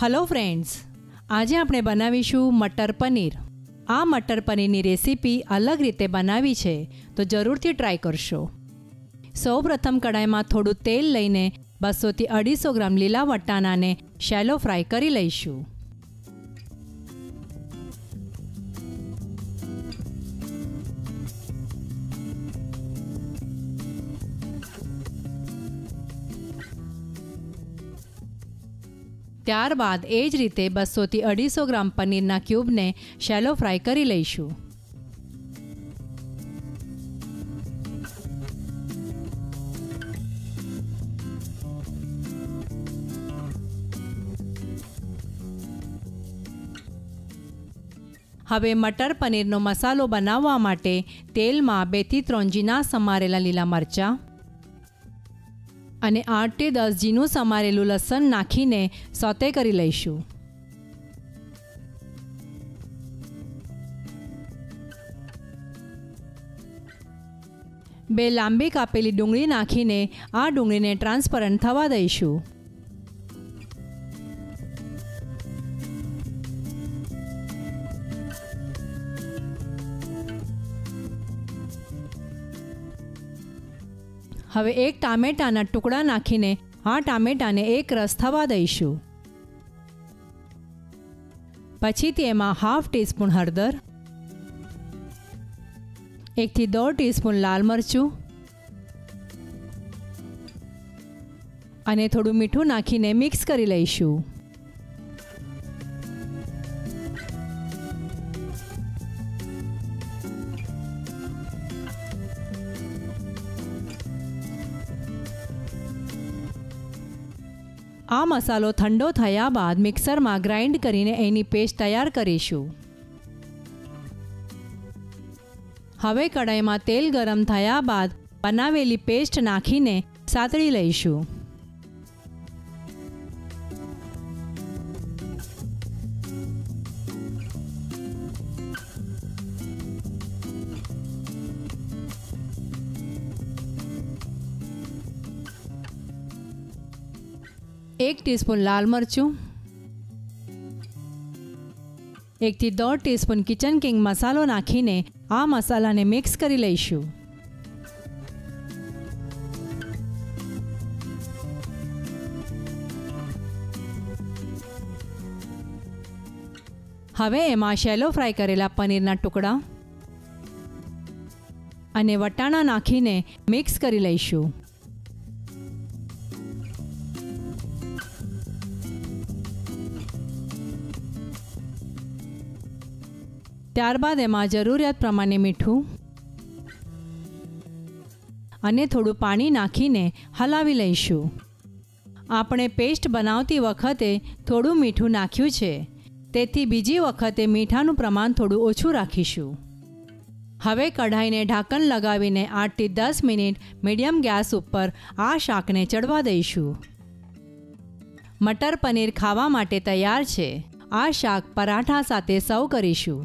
hello friends આજે આપણે બનાવીશું મટર પનીર આ મટર પનીરની રેસીપી અલગ રીતે બનાવી છે તો જરૂરથી ટ્રાય કરશો સૌ પ્રથમ કડાઈમાં થોડું તેલ લઈને બસોથી અઢીસો ગ્રામ લીલા વટાણાને શેલો ફ્રાય કરી લઈશું ત્યારબાદ એ જ રીતે બસોથી અઢીસો ગ્રામ પનીરના ક્યુબને શેલો ફ્રાય કરી લઈશું હવે મટર પનીરનો મસાલો બનાવવા માટે તેલમાં બેથી ત્રણ જીના સમારેલા લીલા મરચાં અને આઠથી દસ જીનું સમારેલું લસણ નાખીને સોતે કરી લઈશું બે લાંબી કાપેલી ડુંગળી નાખીને આ ડુંગળીને ટ્રાન્સપરન્ટ થવા દઈશું હવે એક ટામેટાના ટુકડા નાખીને આ ટામેટાને એક રસ થવા દઈશું પછી તેમાં હાફ ટીસ્પૂન હળદર એકથી દોઢ ટીસ્પૂન લાલ મરચું અને થોડું મીઠું નાખીને મિક્સ કરી લઈશું આ મસાલો ઠંડો થયા બાદ મિક્સરમાં ગ્રાઇન્ડ કરીને એની પેસ્ટ તૈયાર કરીશું હવે કઢાઈમાં તેલ ગરમ થયા બાદ બનાવેલી પેસ્ટ નાખીને સાતળી લઈશું એક ટીસ્પૂન લાલ મરચું એકથી દોઢ ટીસ્પૂન કિચન કિંગ મસાલો નાખીને આ મસાલાને મિક્સ કરી લઈશું હવે એમાં શેલો ફ્રાય કરેલા પનીરના ટુકડા અને વટાણા નાખીને મિક્સ કરી લઈશું ત્યારબાદ એમાં જરૂરિયાત પ્રમાણે મીઠું અને થોડું પાણી નાખીને હલાવી લઈશું આપણે પેસ્ટ બનાવતી વખતે થોડું મીઠું નાખ્યું છે તેથી બીજી વખતે મીઠાનું પ્રમાણ થોડું ઓછું રાખીશું હવે કઢાઈને ઢાંકણ લગાવીને આઠથી દસ મિનિટ મીડિયમ ગેસ ઉપર આ શાકને ચડવા દઈશું મટર પનીર ખાવા માટે તૈયાર છે આ શાક પરાઠા સાથે સર્વ કરીશું